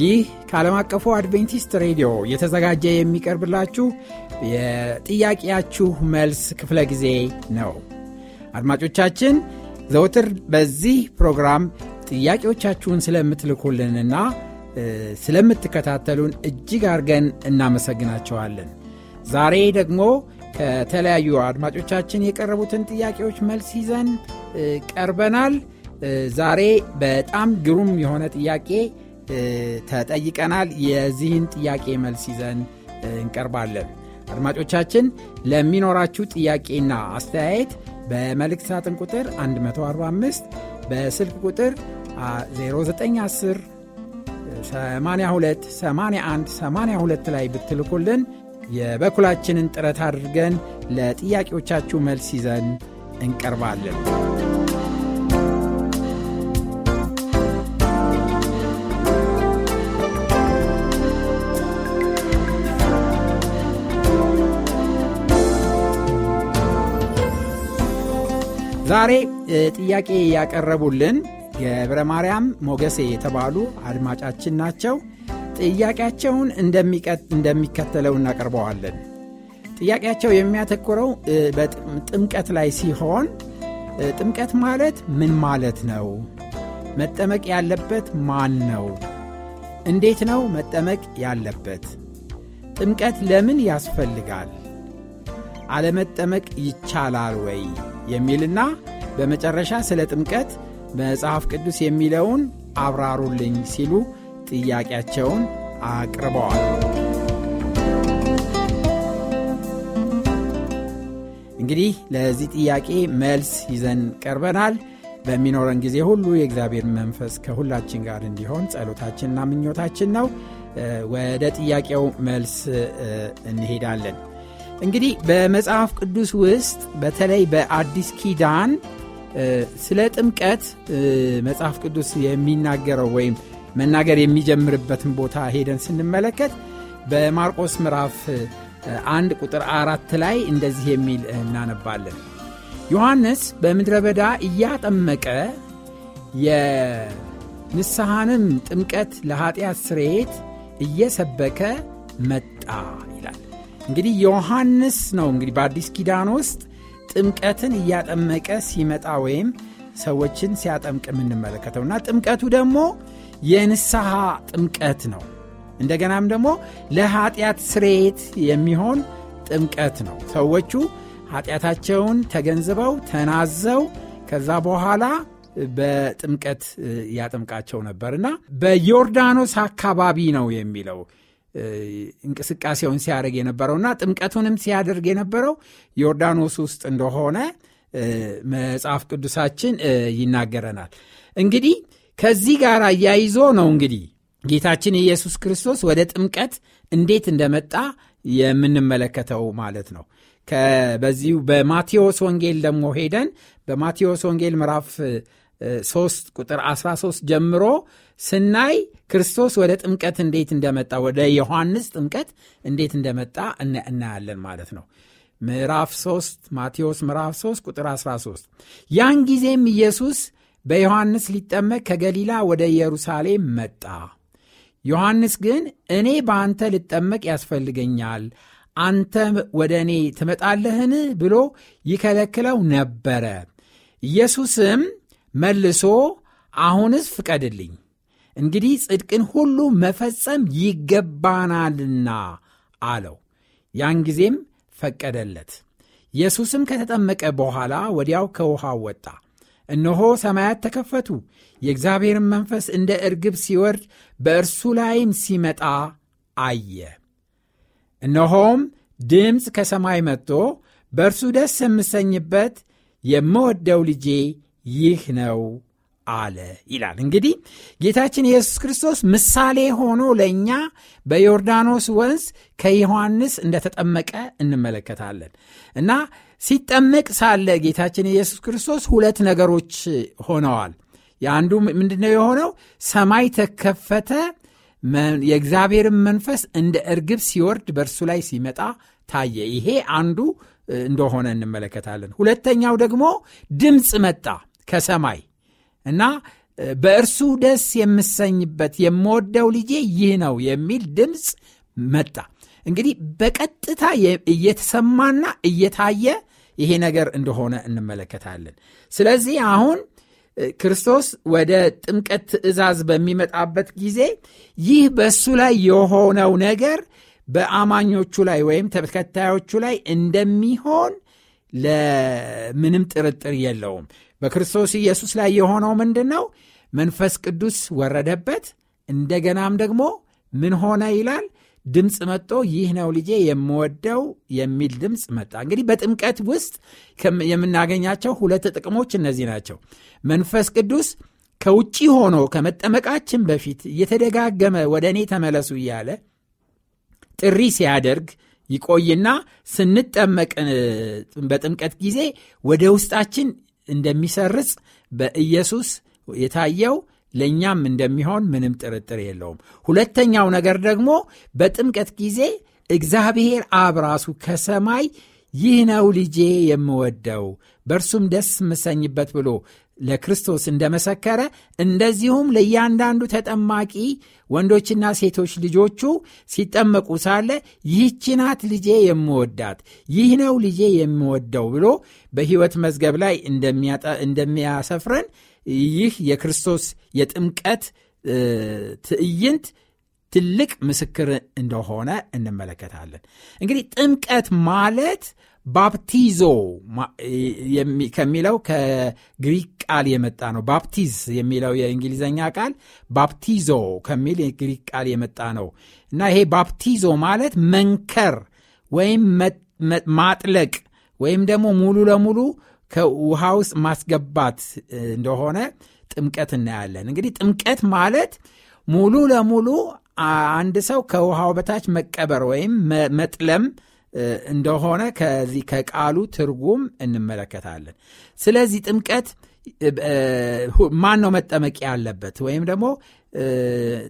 ይህ ከዓለም አቀፉ አድቬንቲስት ሬዲዮ የተዘጋጀ የሚቀርብላችሁ የጥያቄያችሁ መልስ ክፍለ ጊዜ ነው። አድማጮቻችን ዘወትር በዚህ ፕሮግራም ጥያቄዎቻችሁን ስለምትልኩልንና ስለምትከታተሉን እጅግ አድርገን እናመሰግናቸዋለን። ዛሬ ደግሞ ከተለያዩ አድማጮቻችን የቀረቡትን ጥያቄዎች መልስ ይዘን ቀርበናል። ዛሬ በጣም ግሩም የሆነ ጥያቄ ተጠይቀናል። የዚህን ጥያቄ መልስ ይዘን እንቀርባለን። አድማጮቻችን ለሚኖራችሁ ጥያቄና አስተያየት በመልእክት ሳጥን ቁጥር 145 በስልክ ቁጥር 0910 82 81 82 ላይ ብትልኩልን የበኩላችንን ጥረት አድርገን ለጥያቄዎቻችሁ መልስ ይዘን እንቀርባለን። ዛሬ ጥያቄ ያቀረቡልን የብረ ማርያም ሞገሴ የተባሉ አድማጫችን ናቸው። ጥያቄያቸውን እንደሚከተለው እናቀርበዋለን። ጥያቄያቸው የሚያተኩረው በጥምቀት ላይ ሲሆን ጥምቀት ማለት ምን ማለት ነው? መጠመቅ ያለበት ማን ነው? እንዴት ነው መጠመቅ ያለበት? ጥምቀት ለምን ያስፈልጋል? አለመጠመቅ ይቻላል ወይ? የሚልና በመጨረሻ ስለ ጥምቀት መጽሐፍ ቅዱስ የሚለውን አብራሩልኝ ሲሉ ጥያቄያቸውን አቅርበዋል። እንግዲህ ለዚህ ጥያቄ መልስ ይዘን ቀርበናል። በሚኖረን ጊዜ ሁሉ የእግዚአብሔር መንፈስ ከሁላችን ጋር እንዲሆን ጸሎታችንና ምኞታችን ነው። ወደ ጥያቄው መልስ እንሄዳለን። እንግዲህ በመጽሐፍ ቅዱስ ውስጥ በተለይ በአዲስ ኪዳን ስለ ጥምቀት መጽሐፍ ቅዱስ የሚናገረው ወይም መናገር የሚጀምርበትን ቦታ ሄደን ስንመለከት በማርቆስ ምዕራፍ አንድ ቁጥር አራት ላይ እንደዚህ የሚል እናነባለን። ዮሐንስ በምድረ በዳ እያጠመቀ የንስሐንም ጥምቀት ለኃጢአት ስርየት እየሰበከ መጣ ይላል። እንግዲህ ዮሐንስ ነው እንግዲህ በአዲስ ኪዳን ውስጥ ጥምቀትን እያጠመቀ ሲመጣ ወይም ሰዎችን ሲያጠምቅ የምንመለከተው እና ጥምቀቱ ደግሞ የንስሐ ጥምቀት ነው። እንደገናም ደግሞ ለኃጢአት ስሬት የሚሆን ጥምቀት ነው። ሰዎቹ ኃጢአታቸውን ተገንዝበው ተናዘው ከዛ በኋላ በጥምቀት ያጠምቃቸው ነበርና በዮርዳኖስ አካባቢ ነው የሚለው እንቅስቃሴውን ሲያደርግ የነበረውና ጥምቀቱንም ሲያደርግ የነበረው ዮርዳኖስ ውስጥ እንደሆነ መጽሐፍ ቅዱሳችን ይናገረናል። እንግዲህ ከዚህ ጋር አያይዞ ነው እንግዲህ ጌታችን ኢየሱስ ክርስቶስ ወደ ጥምቀት እንዴት እንደመጣ የምንመለከተው ማለት ነው። በዚሁ በማቴዎስ ወንጌል ደግሞ ሄደን በማቴዎስ ወንጌል ምዕራፍ 3 ቁጥር 13 ጀምሮ ስናይ ክርስቶስ ወደ ጥምቀት እንዴት እንደመጣ ወደ ዮሐንስ ጥምቀት እንዴት እንደመጣ እናያለን ማለት ነው። ምዕራፍ 3 ማቴዎስ ምዕራፍ 3 ቁጥር 13 ያን ጊዜም ኢየሱስ በዮሐንስ ሊጠመቅ ከገሊላ ወደ ኢየሩሳሌም መጣ። ዮሐንስ ግን እኔ በአንተ ልጠመቅ ያስፈልገኛል፣ አንተ ወደ እኔ ትመጣለህን? ብሎ ይከለክለው ነበረ። ኢየሱስም መልሶ አሁንስ ፍቀድልኝ እንግዲህ ጽድቅን ሁሉ መፈጸም ይገባናልና አለው። ያን ጊዜም ፈቀደለት። ኢየሱስም ከተጠመቀ በኋላ ወዲያው ከውሃ ወጣ። እነሆ ሰማያት ተከፈቱ፣ የእግዚአብሔርን መንፈስ እንደ እርግብ ሲወርድ በእርሱ ላይም ሲመጣ አየ። እነሆም ድምፅ ከሰማይ መጥቶ በእርሱ ደስ የምሰኝበት የምወደው ልጄ ይህ ነው አለ ይላል። እንግዲህ ጌታችን ኢየሱስ ክርስቶስ ምሳሌ ሆኖ ለእኛ በዮርዳኖስ ወንዝ ከዮሐንስ እንደተጠመቀ እንመለከታለን እና ሲጠመቅ ሳለ ጌታችን ኢየሱስ ክርስቶስ ሁለት ነገሮች ሆነዋል። የአንዱ ምንድነው የሆነው? ሰማይ ተከፈተ፣ የእግዚአብሔርን መንፈስ እንደ እርግብ ሲወርድ በእርሱ ላይ ሲመጣ ታየ። ይሄ አንዱ እንደሆነ እንመለከታለን። ሁለተኛው ደግሞ ድምፅ መጣ ከሰማይ እና በእርሱ ደስ የምሰኝበት የምወደው ልጄ ይህ ነው የሚል ድምፅ መጣ። እንግዲህ በቀጥታ እየተሰማና እየታየ ይሄ ነገር እንደሆነ እንመለከታለን። ስለዚህ አሁን ክርስቶስ ወደ ጥምቀት ትእዛዝ በሚመጣበት ጊዜ ይህ በእሱ ላይ የሆነው ነገር በአማኞቹ ላይ ወይም ተከታዮቹ ላይ እንደሚሆን ለምንም ጥርጥር የለውም። በክርስቶስ ኢየሱስ ላይ የሆነው ምንድን ነው? መንፈስ ቅዱስ ወረደበት። እንደገናም ደግሞ ምን ሆነ ይላል? ድምፅ መጥቶ ይህ ነው ልጄ የምወደው የሚል ድምፅ መጣ። እንግዲህ በጥምቀት ውስጥ የምናገኛቸው ሁለት ጥቅሞች እነዚህ ናቸው። መንፈስ ቅዱስ ከውጭ ሆኖ ከመጠመቃችን በፊት እየተደጋገመ ወደ እኔ ተመለሱ እያለ ጥሪ ሲያደርግ ይቆይና ስንጠመቅ በጥምቀት ጊዜ ወደ ውስጣችን እንደሚሰርጽ በኢየሱስ የታየው ለእኛም እንደሚሆን ምንም ጥርጥር የለውም። ሁለተኛው ነገር ደግሞ በጥምቀት ጊዜ እግዚአብሔር አብ ራሱ ከሰማይ ይህ ነው ልጄ የምወደው በእርሱም ደስ ምሰኝበት ብሎ ለክርስቶስ እንደመሰከረ እንደዚሁም ለእያንዳንዱ ተጠማቂ ወንዶችና ሴቶች ልጆቹ ሲጠመቁ ሳለ ይህች ልጄ የምወዳት ይህ ነው ልጄ የምወደው ብሎ በሕይወት መዝገብ ላይ እንደሚያሰፍረን ይህ የክርስቶስ የጥምቀት ትዕይንት ትልቅ ምስክር እንደሆነ እንመለከታለን። እንግዲህ ጥምቀት ማለት ባፕቲዞ ከሚለው ከግሪክ ቃል የመጣ ነው። ባፕቲዝ የሚለው የእንግሊዝኛ ቃል ባፕቲዞ ከሚል የግሪክ ቃል የመጣ ነው እና ይሄ ባፕቲዞ ማለት መንከር ወይም ማጥለቅ ወይም ደግሞ ሙሉ ለሙሉ ከውሃ ውስጥ ማስገባት እንደሆነ ጥምቀት እናያለን። እንግዲህ ጥምቀት ማለት ሙሉ ለሙሉ አንድ ሰው ከውሃው በታች መቀበር ወይም መጥለም እንደሆነ ከዚህ ከቃሉ ትርጉም እንመለከታለን። ስለዚህ ጥምቀት ማን ነው መጠመቅ ያለበት ወይም ደግሞ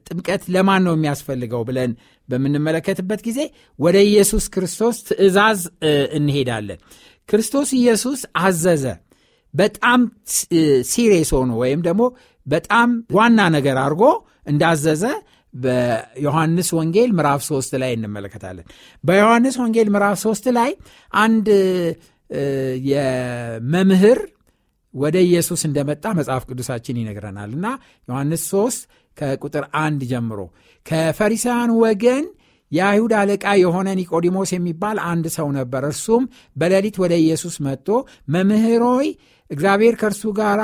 ጥምቀት ለማን ነው የሚያስፈልገው ብለን በምንመለከትበት ጊዜ ወደ ኢየሱስ ክርስቶስ ትእዛዝ እንሄዳለን። ክርስቶስ ኢየሱስ አዘዘ። በጣም ሲሬስ ሆኖ ወይም ደግሞ በጣም ዋና ነገር አድርጎ እንዳዘዘ በዮሐንስ ወንጌል ምዕራፍ ሶስት ላይ እንመለከታለን። በዮሐንስ ወንጌል ምዕራፍ ሶስት ላይ አንድ የመምህር ወደ ኢየሱስ እንደመጣ መጽሐፍ ቅዱሳችን ይነግረናል እና ዮሐንስ 3 ከቁጥር አንድ ጀምሮ ከፈሪሳውያን ወገን የአይሁድ አለቃ የሆነ ኒቆዲሞስ የሚባል አንድ ሰው ነበር። እርሱም በሌሊት ወደ ኢየሱስ መጥቶ መምህር እግዚአብሔር ከእርሱ ጋር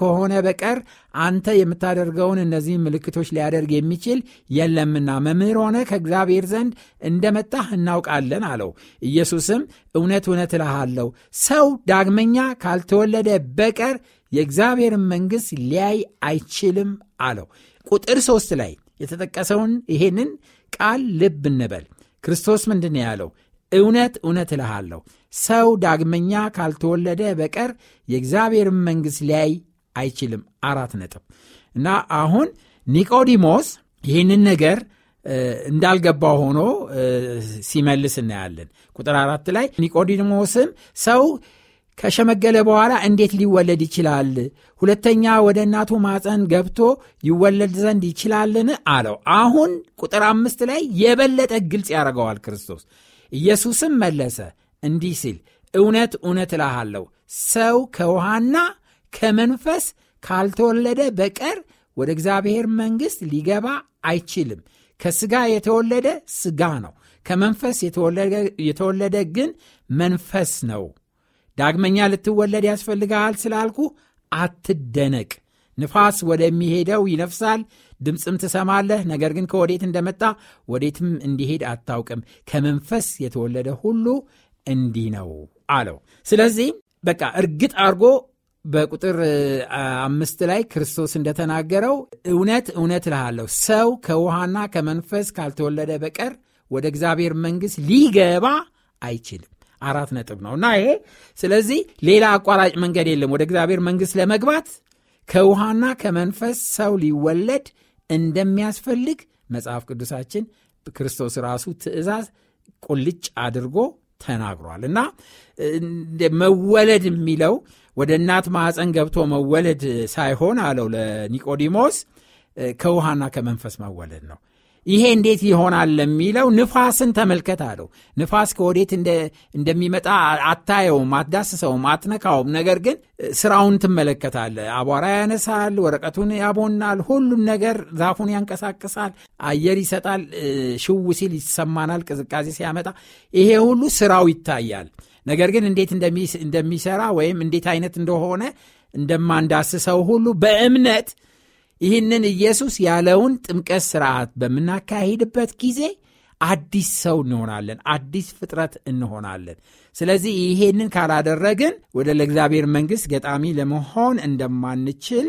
ከሆነ በቀር አንተ የምታደርገውን እነዚህን ምልክቶች ሊያደርግ የሚችል የለምና መምህር ሆነ ከእግዚአብሔር ዘንድ እንደመጣህ እናውቃለን አለው። ኢየሱስም እውነት እውነት እልሃለሁ ሰው ዳግመኛ ካልተወለደ በቀር የእግዚአብሔርን መንግሥት ሊያይ አይችልም አለው። ቁጥር ሦስት ላይ የተጠቀሰውን ይሄንን ቃል ልብ እንበል። ክርስቶስ ምንድን ያለው? እውነት እውነት እልሃለሁ ሰው ዳግመኛ ካልተወለደ በቀር የእግዚአብሔርን መንግሥት ሊያይ አይችልም። አራት ነጥብ እና አሁን ኒቆዲሞስ ይህንን ነገር እንዳልገባ ሆኖ ሲመልስ እናያለን። ቁጥር አራት ላይ ኒቆዲሞስም ሰው ከሸመገለ በኋላ እንዴት ሊወለድ ይችላል? ሁለተኛ ወደ እናቱ ማፀን ገብቶ ይወለድ ዘንድ ይችላልን? አለው። አሁን ቁጥር አምስት ላይ የበለጠ ግልጽ ያደርገዋል ክርስቶስ። ኢየሱስም መለሰ እንዲህ ሲል እውነት እውነት እልሃለሁ ሰው ከውሃና ከመንፈስ ካልተወለደ በቀር ወደ እግዚአብሔር መንግሥት ሊገባ አይችልም። ከሥጋ የተወለደ ሥጋ ነው፣ ከመንፈስ የተወለደ ግን መንፈስ ነው ዳግመኛ ልትወለድ ያስፈልግሃል ስላልኩ አትደነቅ። ንፋስ ወደሚሄደው ይነፍሳል፣ ድምፅም ትሰማለህ፣ ነገር ግን ከወዴት እንደመጣ ወዴትም እንዲሄድ አታውቅም። ከመንፈስ የተወለደ ሁሉ እንዲህ ነው አለው። ስለዚህ በቃ እርግጥ አድርጎ በቁጥር አምስት ላይ ክርስቶስ እንደተናገረው እውነት እውነት እልሃለሁ ሰው ከውሃና ከመንፈስ ካልተወለደ በቀር ወደ እግዚአብሔር መንግሥት ሊገባ አይችልም። አራት ነጥብ ነው እና ይሄ ስለዚህ ሌላ አቋራጭ መንገድ የለም ወደ እግዚአብሔር መንግስት ለመግባት ከውሃና ከመንፈስ ሰው ሊወለድ እንደሚያስፈልግ መጽሐፍ ቅዱሳችን ክርስቶስ ራሱ ትእዛዝ ቁልጭ አድርጎ ተናግሯል እና መወለድ የሚለው ወደ እናት ማዕፀን ገብቶ መወለድ ሳይሆን አለው ለኒቆዲሞስ ከውሃና ከመንፈስ መወለድ ነው ይሄ እንዴት ይሆናል ለሚለው ንፋስን ተመልከት አለው። ንፋስ ከወዴት እንደሚመጣ አታየውም፣ አትዳስሰውም፣ አትነካውም። ነገር ግን ስራውን ትመለከታለ። አቧራ ያነሳል፣ ወረቀቱን ያቦናል፣ ሁሉም ነገር ዛፉን ያንቀሳቅሳል፣ አየር ይሰጣል፣ ሽው ሲል ይሰማናል፣ ቅዝቃዜ ሲያመጣ ይሄ ሁሉ ስራው ይታያል። ነገር ግን እንዴት እንደሚሰራ ወይም እንዴት አይነት እንደሆነ እንደማንዳስሰው ሁሉ በእምነት ይህንን ኢየሱስ ያለውን ጥምቀት ስርዓት በምናካሄድበት ጊዜ አዲስ ሰው እንሆናለን፣ አዲስ ፍጥረት እንሆናለን። ስለዚህ ይሄንን ካላደረግን ወደ ለእግዚአብሔር መንግሥት ገጣሚ ለመሆን እንደማንችል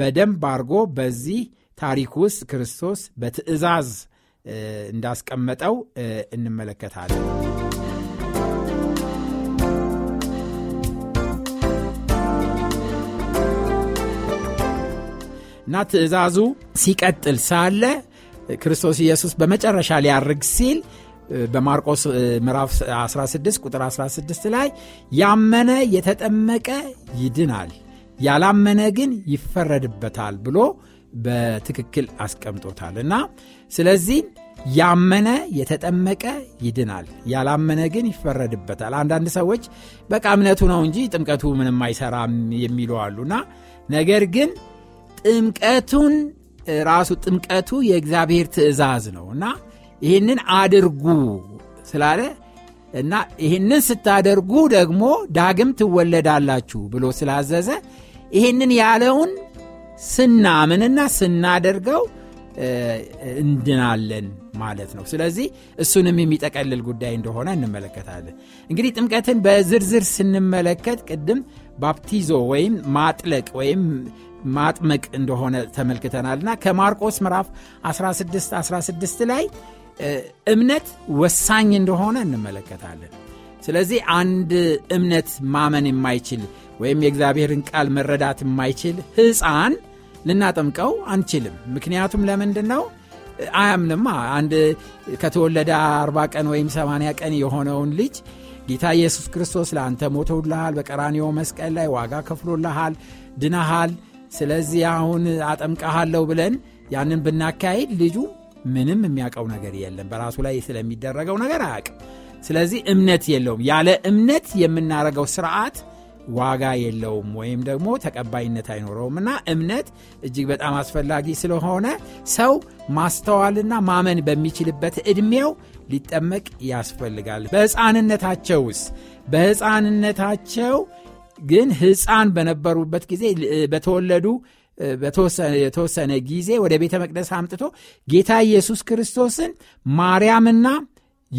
በደንብ አድርጎ በዚህ ታሪክ ውስጥ ክርስቶስ በትእዛዝ እንዳስቀመጠው እንመለከታለን። እና ትእዛዙ ሲቀጥል ሳለ ክርስቶስ ኢየሱስ በመጨረሻ ሊያርግ ሲል በማርቆስ ምዕራፍ 16 ቁጥር 16 ላይ ያመነ የተጠመቀ ይድናል፣ ያላመነ ግን ይፈረድበታል ብሎ በትክክል አስቀምጦታል እና ስለዚህ ያመነ የተጠመቀ ይድናል፣ ያላመነ ግን ይፈረድበታል። አንዳንድ ሰዎች በቃ እምነቱ ነው እንጂ ጥምቀቱ ምንም አይሰራም የሚሉ አሉና ነገር ግን ጥምቀቱን ራሱ ጥምቀቱ የእግዚአብሔር ትእዛዝ ነው እና ይህንን አድርጉ ስላለ እና ይህንን ስታደርጉ ደግሞ ዳግም ትወለዳላችሁ ብሎ ስላዘዘ ይህንን ያለውን ስናምንና ስናደርገው እንድናለን ማለት ነው። ስለዚህ እሱንም የሚጠቀልል ጉዳይ እንደሆነ እንመለከታለን። እንግዲህ ጥምቀትን በዝርዝር ስንመለከት ቅድም ባፕቲዞ ወይም ማጥለቅ ወይም ማጥመቅ እንደሆነ ተመልክተናልና ከማርቆስ ምዕራፍ 16 16 ላይ እምነት ወሳኝ እንደሆነ እንመለከታለን። ስለዚህ አንድ እምነት ማመን የማይችል ወይም የእግዚአብሔርን ቃል መረዳት የማይችል ህፃን ልናጠምቀው አንችልም። ምክንያቱም ለምንድን ነው? አያምንማ። አንድ ከተወለደ 40 ቀን ወይም 80 ቀን የሆነውን ልጅ ጌታ ኢየሱስ ክርስቶስ ለአንተ ሞቶልሃል፣ በቀራኒዮ መስቀል ላይ ዋጋ ከፍሎልሃል፣ ድናሃል ስለዚህ አሁን አጠምቀሃለሁ ብለን ያንን ብናካሄድ ልጁ ምንም የሚያውቀው ነገር የለም። በራሱ ላይ ስለሚደረገው ነገር አያውቅም። ስለዚህ እምነት የለውም። ያለ እምነት የምናደርገው ስርዓት ዋጋ የለውም ወይም ደግሞ ተቀባይነት አይኖረውም እና እምነት እጅግ በጣም አስፈላጊ ስለሆነ ሰው ማስተዋልና ማመን በሚችልበት ዕድሜው ሊጠመቅ ያስፈልጋል። በሕፃንነታቸው ውስጥ በሕፃንነታቸው ግን ህፃን በነበሩበት ጊዜ በተወለዱ የተወሰነ ጊዜ ወደ ቤተ መቅደስ አምጥቶ ጌታ ኢየሱስ ክርስቶስን ማርያምና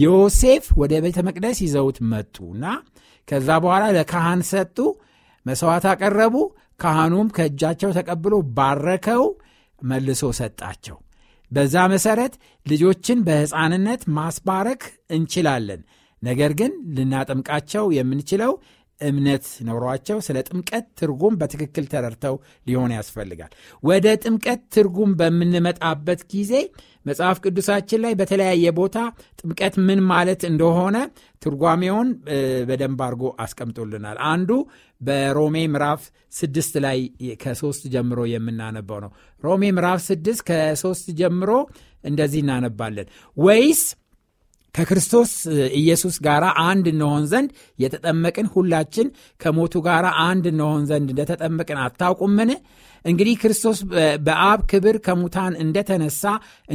ዮሴፍ ወደ ቤተ መቅደስ ይዘውት መጡና ከዛ በኋላ ለካህን ሰጡ። መሥዋዕት አቀረቡ። ካህኑም ከእጃቸው ተቀብሎ ባረከው፣ መልሶ ሰጣቸው። በዛ መሠረት ልጆችን በሕፃንነት ማስባረክ እንችላለን። ነገር ግን ልናጠምቃቸው የምንችለው እምነት ኖሯቸው ስለ ጥምቀት ትርጉም በትክክል ተረድተው ሊሆን ያስፈልጋል። ወደ ጥምቀት ትርጉም በምንመጣበት ጊዜ መጽሐፍ ቅዱሳችን ላይ በተለያየ ቦታ ጥምቀት ምን ማለት እንደሆነ ትርጓሜውን በደንብ አድርጎ አስቀምጦልናል። አንዱ በሮሜ ምዕራፍ ስድስት ላይ ከሶስት ጀምሮ የምናነባው ነው። ሮሜ ምዕራፍ ስድስት ከሶስት ጀምሮ እንደዚህ እናነባለን ወይስ ከክርስቶስ ኢየሱስ ጋር አንድ እንሆን ዘንድ የተጠመቅን ሁላችን ከሞቱ ጋር አንድ እንሆን ዘንድ እንደተጠመቅን አታውቁምን? እንግዲህ ክርስቶስ በአብ ክብር ከሙታን እንደተነሳ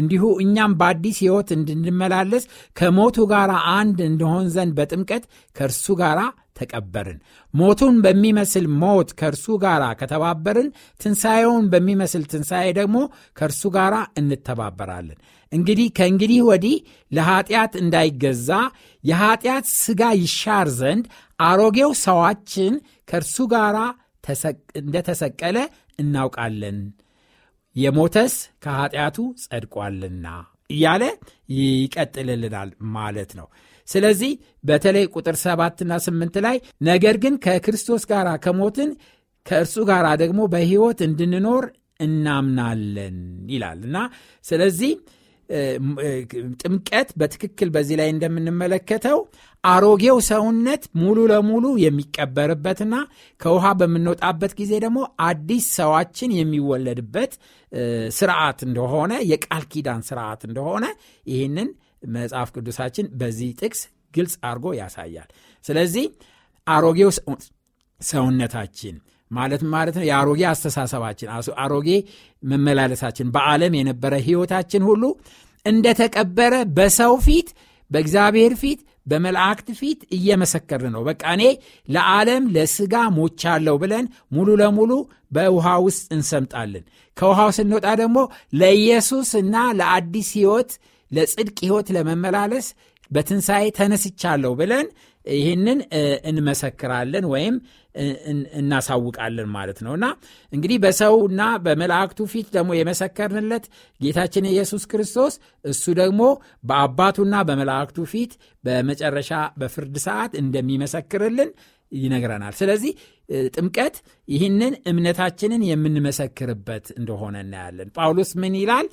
እንዲሁ እኛም በአዲስ ሕይወት እንድንመላለስ ከሞቱ ጋር አንድ እንደሆን ዘንድ በጥምቀት ከእርሱ ጋር ተቀበርን። ሞቱን በሚመስል ሞት ከእርሱ ጋር ከተባበርን፣ ትንሣኤውን በሚመስል ትንሣኤ ደግሞ ከእርሱ ጋር እንተባበራለን። እንግዲህ ከእንግዲህ ወዲህ ለኃጢአት እንዳይገዛ የኃጢአት ሥጋ ይሻር ዘንድ አሮጌው ሰዋችን ከእርሱ ጋር እንደተሰቀለ እናውቃለን፣ የሞተስ ከኃጢአቱ ጸድቋልና እያለ ይቀጥልልናል ማለት ነው። ስለዚህ በተለይ ቁጥር ሰባትና ስምንት ላይ ነገር ግን ከክርስቶስ ጋር ከሞትን ከእርሱ ጋር ደግሞ በሕይወት እንድንኖር እናምናለን ይላል እና ስለዚህ ጥምቀት በትክክል በዚህ ላይ እንደምንመለከተው አሮጌው ሰውነት ሙሉ ለሙሉ የሚቀበርበትና ከውሃ በምንወጣበት ጊዜ ደግሞ አዲስ ሰዋችን የሚወለድበት ስርዓት እንደሆነ የቃል ኪዳን ስርዓት እንደሆነ ይህንን መጽሐፍ ቅዱሳችን በዚህ ጥቅስ ግልጽ አድርጎ ያሳያል። ስለዚህ አሮጌው ሰውነታችን ማለት ማለት ነው የአሮጌ አስተሳሰባችን አሮጌ መመላለሳችን በዓለም የነበረ ህይወታችን ሁሉ እንደተቀበረ በሰው ፊት በእግዚአብሔር ፊት በመላእክት ፊት እየመሰከር ነው። በቃ እኔ ለዓለም ለስጋ ሞቻለሁ ብለን ሙሉ ለሙሉ በውሃ ውስጥ እንሰምጣለን። ከውሃው ስንወጣ ደግሞ ለኢየሱስ እና ለአዲስ ህይወት ለጽድቅ ህይወት ለመመላለስ በትንሣኤ ተነስቻለሁ ብለን ይህንን እንመሰክራለን ወይም እናሳውቃለን ማለት ነው እና እንግዲህ በሰውና በመላእክቱ ፊት ደግሞ የመሰከርንለት ጌታችን ኢየሱስ ክርስቶስ እሱ ደግሞ በአባቱና በመላእክቱ ፊት በመጨረሻ በፍርድ ሰዓት እንደሚመሰክርልን ይነግረናል። ስለዚህ ጥምቀት ይህንን እምነታችንን የምንመሰክርበት እንደሆነ እናያለን። ጳውሎስ ምን ይላል?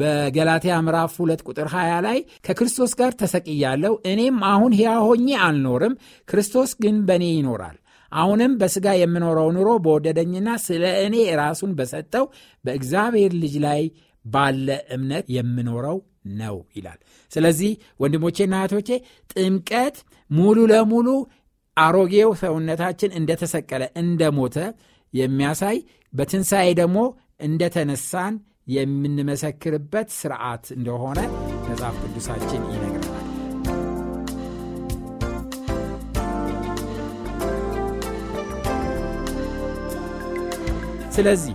በገላትያ ምዕራፍ 2 ቁጥር 20 ላይ ከክርስቶስ ጋር ተሰቅያለሁ፣ እኔም አሁን ሕያው ሆኜ አልኖርም፣ ክርስቶስ ግን በእኔ ይኖራል። አሁንም በሥጋ የምኖረው ኑሮ በወደደኝና ስለ እኔ ራሱን በሰጠው በእግዚአብሔር ልጅ ላይ ባለ እምነት የምኖረው ነው ይላል። ስለዚህ ወንድሞቼና እህቶቼ ጥምቀት ሙሉ ለሙሉ አሮጌው ሰውነታችን እንደተሰቀለ እንደሞተ የሚያሳይ በትንሣኤ ደግሞ እንደተነሳን የምንመሰክርበት ስርዓት እንደሆነ መጽሐፍ ቅዱሳችን ይነግራል። ስለዚህ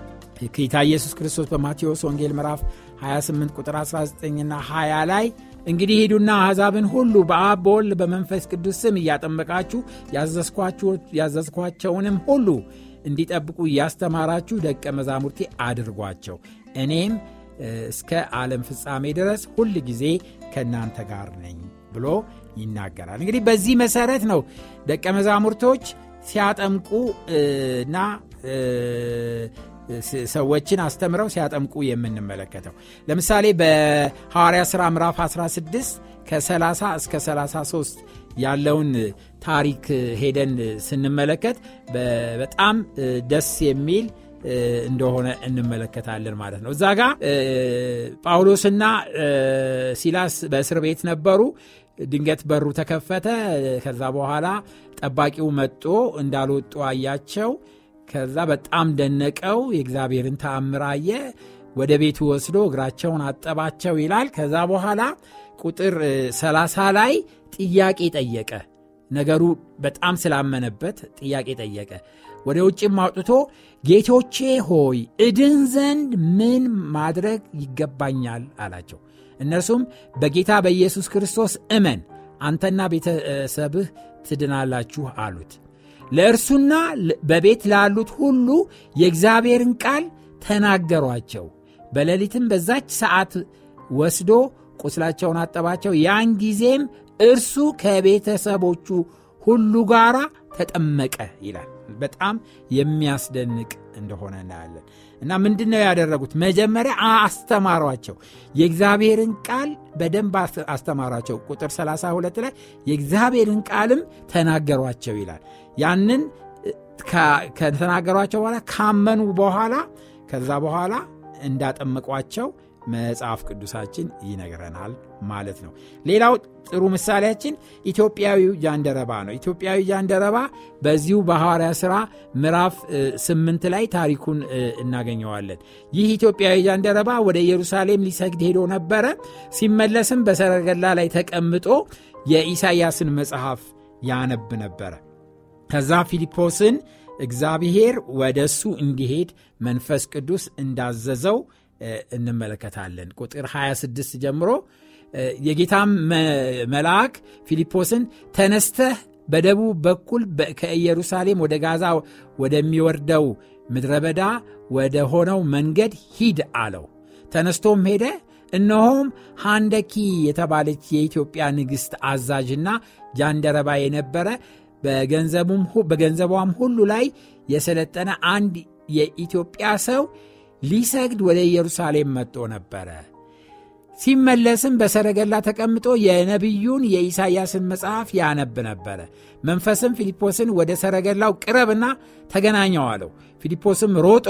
ጌታ ኢየሱስ ክርስቶስ በማቴዎስ ወንጌል ምዕራፍ 28 ቁጥር 19ና 20 ላይ እንግዲህ ሂዱና አሕዛብን ሁሉ በአብ በወልድ በመንፈስ ቅዱስ ስም እያጠመቃችሁ ያዘዝኳቸውንም ሁሉ እንዲጠብቁ እያስተማራችሁ ደቀ መዛሙርቴ አድርጓቸው እኔም እስከ ዓለም ፍጻሜ ድረስ ሁል ጊዜ ከእናንተ ጋር ነኝ ብሎ ይናገራል። እንግዲህ በዚህ መሰረት ነው ደቀ መዛሙርቶች ሲያጠምቁ እና ሰዎችን አስተምረው ሲያጠምቁ የምንመለከተው። ለምሳሌ በሐዋርያ ሥራ ምዕራፍ 16 ከ30 እስከ 33 ያለውን ታሪክ ሄደን ስንመለከት በጣም ደስ የሚል እንደሆነ እንመለከታለን ማለት ነው። እዛ ጋ ጳውሎስና ሲላስ በእስር ቤት ነበሩ። ድንገት በሩ ተከፈተ። ከዛ በኋላ ጠባቂው መጦ እንዳልወጡ አያቸው። ከዛ በጣም ደነቀው። የእግዚአብሔርን ተአምር አየ። ወደ ቤቱ ወስዶ እግራቸውን አጠባቸው ይላል። ከዛ በኋላ ቁጥር 30 ላይ ጥያቄ ጠየቀ። ነገሩ በጣም ስላመነበት ጥያቄ ጠየቀ። ወደ ውጭም አውጥቶ ጌቶቼ ሆይ እድን ዘንድ ምን ማድረግ ይገባኛል አላቸው። እነርሱም በጌታ በኢየሱስ ክርስቶስ እመን፣ አንተና ቤተሰብህ ትድናላችሁ አሉት። ለእርሱና በቤት ላሉት ሁሉ የእግዚአብሔርን ቃል ተናገሯቸው። በሌሊትም በዛች ሰዓት ወስዶ ቁስላቸውን አጠባቸው። ያን ጊዜም እርሱ ከቤተሰቦቹ ሁሉ ጋራ ተጠመቀ ይላል። በጣም የሚያስደንቅ እንደሆነ እናያለን። እና ምንድን ነው ያደረጉት? መጀመሪያ አስተማሯቸው። የእግዚአብሔርን ቃል በደንብ አስተማሯቸው። ቁጥር 32 ላይ የእግዚአብሔርን ቃልም ተናገሯቸው ይላል። ያንን ከተናገሯቸው በኋላ ካመኑ በኋላ ከዛ በኋላ እንዳጠመቋቸው መጽሐፍ ቅዱሳችን ይነግረናል ማለት ነው። ሌላው ጥሩ ምሳሌያችን ኢትዮጵያዊው ጃንደረባ ነው። ኢትዮጵያዊ ጃንደረባ በዚሁ በሐዋርያ ሥራ ምዕራፍ ስምንት ላይ ታሪኩን እናገኘዋለን። ይህ ኢትዮጵያዊ ጃንደረባ ወደ ኢየሩሳሌም ሊሰግድ ሄዶ ነበረ። ሲመለስም በሰረገላ ላይ ተቀምጦ የኢሳይያስን መጽሐፍ ያነብ ነበረ። ከዛ ፊልጶስን እግዚአብሔር ወደ እሱ እንዲሄድ መንፈስ ቅዱስ እንዳዘዘው እንመለከታለን። ቁጥር 26 ጀምሮ የጌታም መልአክ ፊልጶስን ተነስተህ በደቡብ በኩል ከኢየሩሳሌም ወደ ጋዛ ወደሚወርደው ምድረ በዳ ወደ ሆነው መንገድ ሂድ አለው። ተነስቶም ሄደ። እነሆም ሃንደኪ የተባለች የኢትዮጵያ ንግሥት አዛዥና ጃንደረባ የነበረ በገንዘቧም ሁሉ ላይ የሰለጠነ አንድ የኢትዮጵያ ሰው ሊሰግድ ወደ ኢየሩሳሌም መጦ ነበረ። ሲመለስም በሰረገላ ተቀምጦ የነቢዩን የኢሳይያስን መጽሐፍ ያነብ ነበረ። መንፈስም ፊልጶስን ወደ ሰረገላው ቅረብና ተገናኘው አለው። ፊልጶስም ሮጦ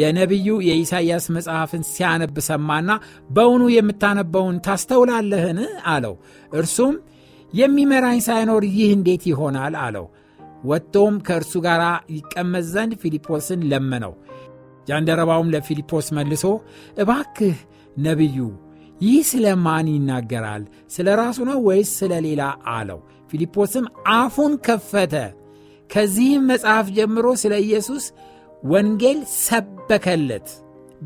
የነቢዩ የኢሳይያስ መጽሐፍን ሲያነብ ሰማና በውኑ የምታነበውን ታስተውላለህን? አለው። እርሱም የሚመራኝ ሳይኖር ይህ እንዴት ይሆናል አለው። ወጥቶም ከእርሱ ጋር ይቀመጥ ዘንድ ፊልጶስን ለመነው። ጃንደረባውም ለፊልጶስ መልሶ እባክህ ነቢዩ ይህ ስለ ማን ይናገራል? ስለ ራሱ ነው ወይስ ስለ ሌላ አለው። ፊልጶስም አፉን ከፈተ። ከዚህም መጽሐፍ ጀምሮ ስለ ኢየሱስ ወንጌል ሰበከለት።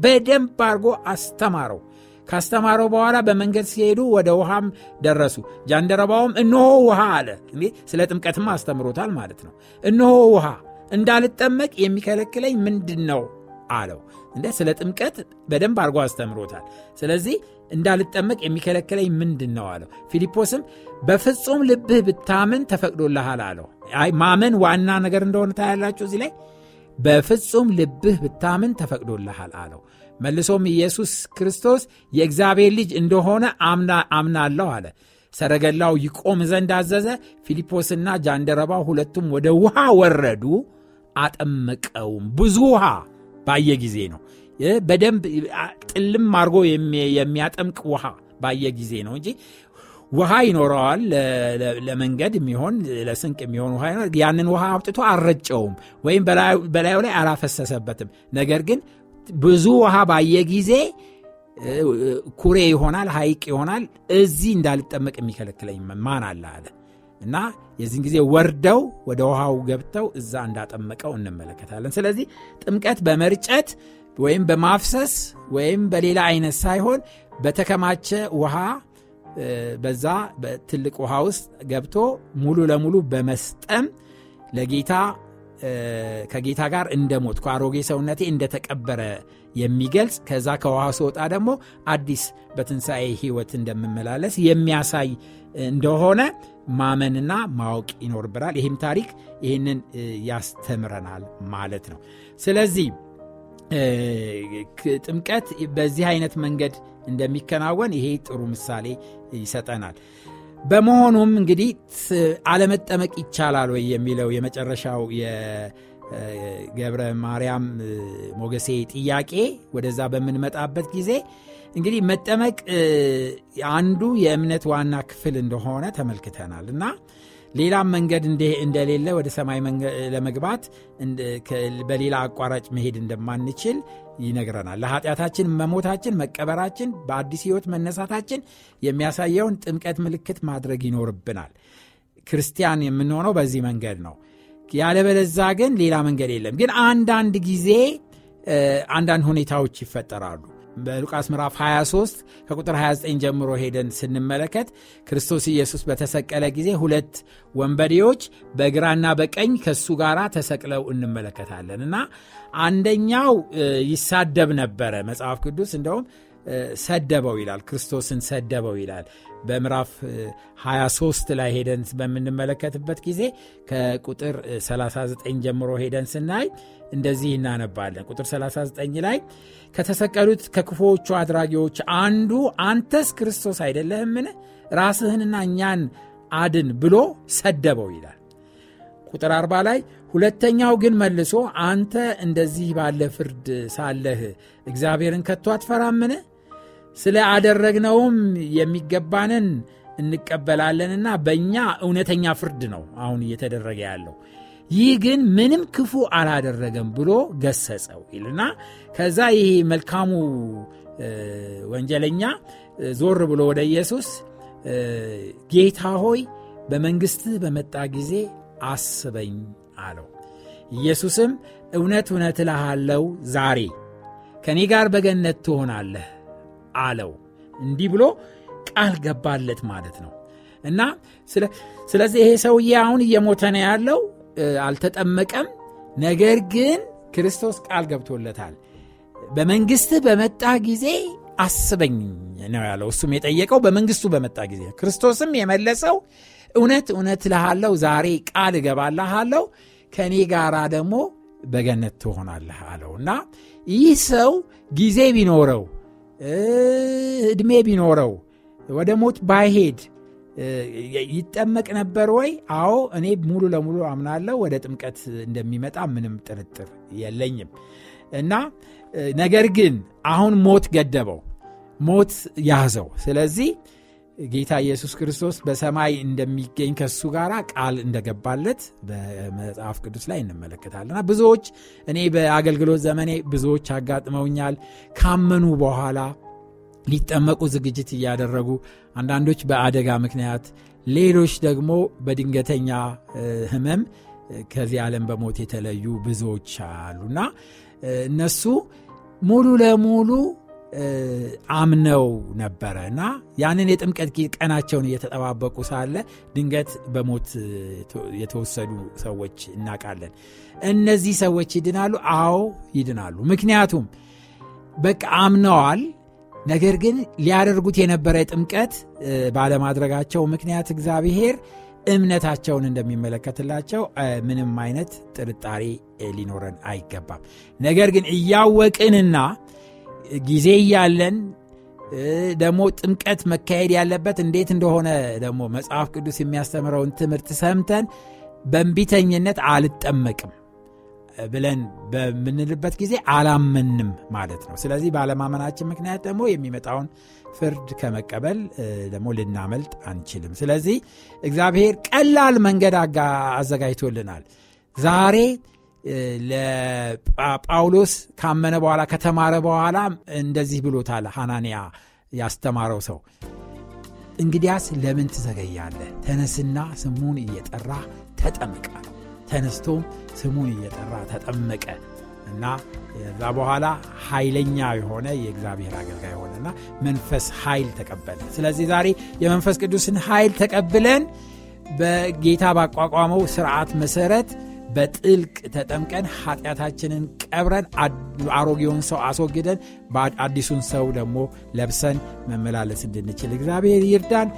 በደንብ አድርጎ አስተማረው። ካስተማረው በኋላ በመንገድ ሲሄዱ ወደ ውሃም ደረሱ። ጃንደረባውም እነሆ ውሃ አለ። እንዴ ስለ ጥምቀትም አስተምሮታል ማለት ነው። እነሆ ውሃ እንዳልጠመቅ የሚከለክለኝ ምንድን ነው አለው። እንደ ስለ ጥምቀት በደንብ አድርጎ አስተምሮታል። ስለዚህ እንዳልጠመቅ የሚከለክለኝ ምንድን ነው አለው። ፊልጶስም በፍጹም ልብህ ብታምን ተፈቅዶልሃል አለው። አይ ማመን ዋና ነገር እንደሆነ ታያላችሁ እዚህ ላይ በፍጹም ልብህ ብታምን ተፈቅዶልሃል አለው። መልሶም ኢየሱስ ክርስቶስ የእግዚአብሔር ልጅ እንደሆነ አምናለሁ አለ። ሰረገላው ይቆም ዘንድ አዘዘ። ፊልጶስና ጃንደረባው ሁለቱም ወደ ውሃ ወረዱ፣ አጠመቀውም። ብዙ ውሃ ባየ ጊዜ ነው። በደንብ ጥልም አድርጎ የሚያጠምቅ ውሃ ባየ ጊዜ ነው እንጂ ውሃ ይኖረዋል። ለመንገድ የሚሆን ለስንቅ የሚሆን ውሃ ያንን ውሃ አውጥቶ አልረጨውም ወይም በላዩ ላይ አላፈሰሰበትም። ነገር ግን ብዙ ውሃ ባየ ጊዜ ኩሬ ይሆናል፣ ሀይቅ ይሆናል። እዚህ እንዳልጠመቅ የሚከለክለኝ ማን አለ አለ እና የዚህን ጊዜ ወርደው ወደ ውሃው ገብተው እዛ እንዳጠመቀው እንመለከታለን። ስለዚህ ጥምቀት በመርጨት ወይም በማፍሰስ ወይም በሌላ አይነት ሳይሆን በተከማቸ ውሃ በዛ በትልቅ ውሃ ውስጥ ገብቶ ሙሉ ለሙሉ በመስጠም ለጌታ ከጌታ ጋር እንደ ሞትኩ አሮጌ ሰውነቴ እንደተቀበረ የሚገልጽ ከዛ ከውሃ ስወጣ ደግሞ አዲስ በትንሣኤ ህይወት እንደምመላለስ የሚያሳይ እንደሆነ ማመንና ማወቅ ይኖርብናል። ይህም ታሪክ ይህንን ያስተምረናል ማለት ነው። ስለዚህ ጥምቀት በዚህ አይነት መንገድ እንደሚከናወን ይሄ ጥሩ ምሳሌ ይሰጠናል። በመሆኑም እንግዲህ አለመጠመቅ ይቻላል ወይ የሚለው የመጨረሻው የገብረ ማርያም ሞገሴ ጥያቄ ወደዛ በምንመጣበት ጊዜ እንግዲህ መጠመቅ አንዱ የእምነት ዋና ክፍል እንደሆነ ተመልክተናል እና ሌላም መንገድ እንደሌለ ወደ ሰማይ ለመግባት በሌላ አቋራጭ መሄድ እንደማንችል ይነግረናል። ለኃጢአታችን መሞታችን፣ መቀበራችን፣ በአዲስ ህይወት መነሳታችን የሚያሳየውን ጥምቀት ምልክት ማድረግ ይኖርብናል። ክርስቲያን የምንሆነው በዚህ መንገድ ነው። ያለበለዛ ግን ሌላ መንገድ የለም። ግን አንዳንድ ጊዜ አንዳንድ ሁኔታዎች ይፈጠራሉ። በሉቃስ ምዕራፍ 23 ከቁጥር 29 ጀምሮ ሄደን ስንመለከት ክርስቶስ ኢየሱስ በተሰቀለ ጊዜ ሁለት ወንበዴዎች በግራና በቀኝ ከሱ ጋር ተሰቅለው እንመለከታለን እና አንደኛው ይሳደብ ነበረ መጽሐፍ ቅዱስ እንደውም ሰደበው ይላል። ክርስቶስን ሰደበው ይላል። በምዕራፍ 23 ላይ ሄደን በምንመለከትበት ጊዜ ከቁጥር 39 ጀምሮ ሄደን ስናይ እንደዚህ እናነባለን። ቁጥር 39 ላይ ከተሰቀሉት ከክፉዎቹ አድራጊዎች አንዱ አንተስ ክርስቶስ አይደለህምን? ራስህንና እኛን አድን ብሎ ሰደበው ይላል። ቁጥር 40 ላይ ሁለተኛው ግን መልሶ አንተ እንደዚህ ባለ ፍርድ ሳለህ እግዚአብሔርን ከቶ አትፈራምን? ስለ አደረግነውም የሚገባንን እንቀበላለንና በእኛ እውነተኛ ፍርድ ነው አሁን እየተደረገ ያለው ይህ ግን ምንም ክፉ አላደረገም ብሎ ገሰጸው ይልና ከዛ ይሄ መልካሙ ወንጀለኛ ዞር ብሎ ወደ ኢየሱስ ጌታ ሆይ በመንግሥትህ በመጣ ጊዜ አስበኝ አለው። ኢየሱስም እውነት እውነት እልሃለሁ ዛሬ ከእኔ ጋር በገነት ትሆናለህ አለው። እንዲህ ብሎ ቃል ገባለት ማለት ነው። እና ስለዚህ ይሄ ሰውዬ አሁን እየሞተ ነው ያለው፣ አልተጠመቀም። ነገር ግን ክርስቶስ ቃል ገብቶለታል። በመንግስት በመጣ ጊዜ አስበኝ ነው ያለው። እሱም የጠየቀው በመንግስቱ በመጣ ጊዜ፣ ክርስቶስም የመለሰው እውነት እውነት እልሃለሁ ዛሬ ቃል እገባልሃለሁ ከእኔ ጋር ደግሞ በገነት ትሆናለህ አለው እና ይህ ሰው ጊዜ ቢኖረው እድሜ ቢኖረው ወደ ሞት ባይሄድ ይጠመቅ ነበር ወይ? አዎ እኔ ሙሉ ለሙሉ አምናለሁ ወደ ጥምቀት እንደሚመጣ ምንም ጥርጥር የለኝም። እና ነገር ግን አሁን ሞት ገደበው፣ ሞት ያዘው። ስለዚህ ጌታ ኢየሱስ ክርስቶስ በሰማይ እንደሚገኝ ከሱ ጋር ቃል እንደገባለት በመጽሐፍ ቅዱስ ላይ እንመለከታለና ብዙዎች እኔ በአገልግሎት ዘመኔ ብዙዎች አጋጥመውኛል። ካመኑ በኋላ ሊጠመቁ ዝግጅት እያደረጉ አንዳንዶች በአደጋ ምክንያት፣ ሌሎች ደግሞ በድንገተኛ ህመም ከዚህ ዓለም በሞት የተለዩ ብዙዎች አሉና እነሱ ሙሉ ለሙሉ አምነው ነበረ እና ያንን የጥምቀት ቀናቸውን እየተጠባበቁ ሳለ ድንገት በሞት የተወሰዱ ሰዎች እናቃለን። እነዚህ ሰዎች ይድናሉ? አዎ ይድናሉ። ምክንያቱም በቃ አምነዋል። ነገር ግን ሊያደርጉት የነበረ ጥምቀት ባለማድረጋቸው ምክንያት እግዚአብሔር እምነታቸውን እንደሚመለከትላቸው ምንም አይነት ጥርጣሬ ሊኖረን አይገባም። ነገር ግን እያወቅንና ጊዜ እያለን ደግሞ ጥምቀት መካሄድ ያለበት እንዴት እንደሆነ ደግሞ መጽሐፍ ቅዱስ የሚያስተምረውን ትምህርት ሰምተን በእንቢተኝነት አልጠመቅም ብለን በምንልበት ጊዜ አላመንም ማለት ነው። ስለዚህ ባለማመናችን ምክንያት ደግሞ የሚመጣውን ፍርድ ከመቀበል ደግሞ ልናመልጥ አንችልም። ስለዚህ እግዚአብሔር ቀላል መንገድ አዘጋጅቶልናል ዛሬ ጳውሎስ ካመነ በኋላ ከተማረ በኋላ እንደዚህ ብሎታል ሐናንያ ያስተማረው ሰው እንግዲያስ ለምን ትዘገያለህ ተነስና ስሙን እየጠራ ተጠምቀ ተነስቶም ስሙን እየጠራ ተጠመቀ እና ከዛ በኋላ ኃይለኛ የሆነ የእግዚአብሔር አገልጋይ የሆነና መንፈስ ኃይል ተቀበለ ስለዚህ ዛሬ የመንፈስ ቅዱስን ኃይል ተቀብለን በጌታ ባቋቋመው ስርዓት መሰረት በጥልቅ ተጠምቀን ኃጢአታችንን ቀብረን አሮጌውን ሰው አስወግደን አዲሱን ሰው ደግሞ ለብሰን መመላለስ እንድንችል እግዚአብሔር ይርዳን።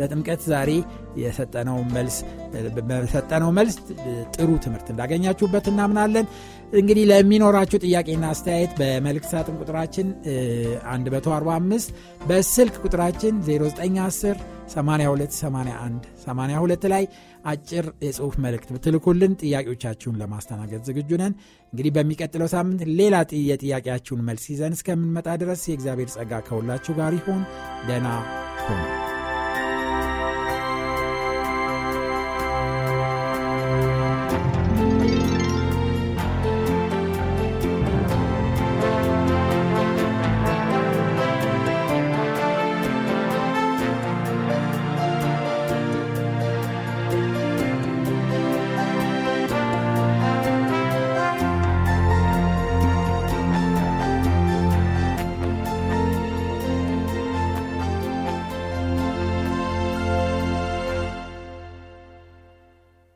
ለጥምቀት ዛሬ የሰጠነው መልስ ጥሩ ትምህርት እንዳገኛችሁበት እናምናለን። እንግዲህ ለሚኖራችሁ ጥያቄና አስተያየት በመልእክት ሳጥን ቁጥራችን 145 በስልክ ቁጥራችን 0910 81 82 ላይ አጭር የጽሁፍ መልእክት ብትልኩልን ጥያቄዎቻችሁን ለማስተናገድ ዝግጁ ነን። እንግዲህ በሚቀጥለው ሳምንት ሌላ የጥያቄያችሁን መልስ ይዘን እስከምንመጣ ድረስ የእግዚአብሔር ጸጋ ከሁላችሁ ጋር ይሆን። ደና ሆነ።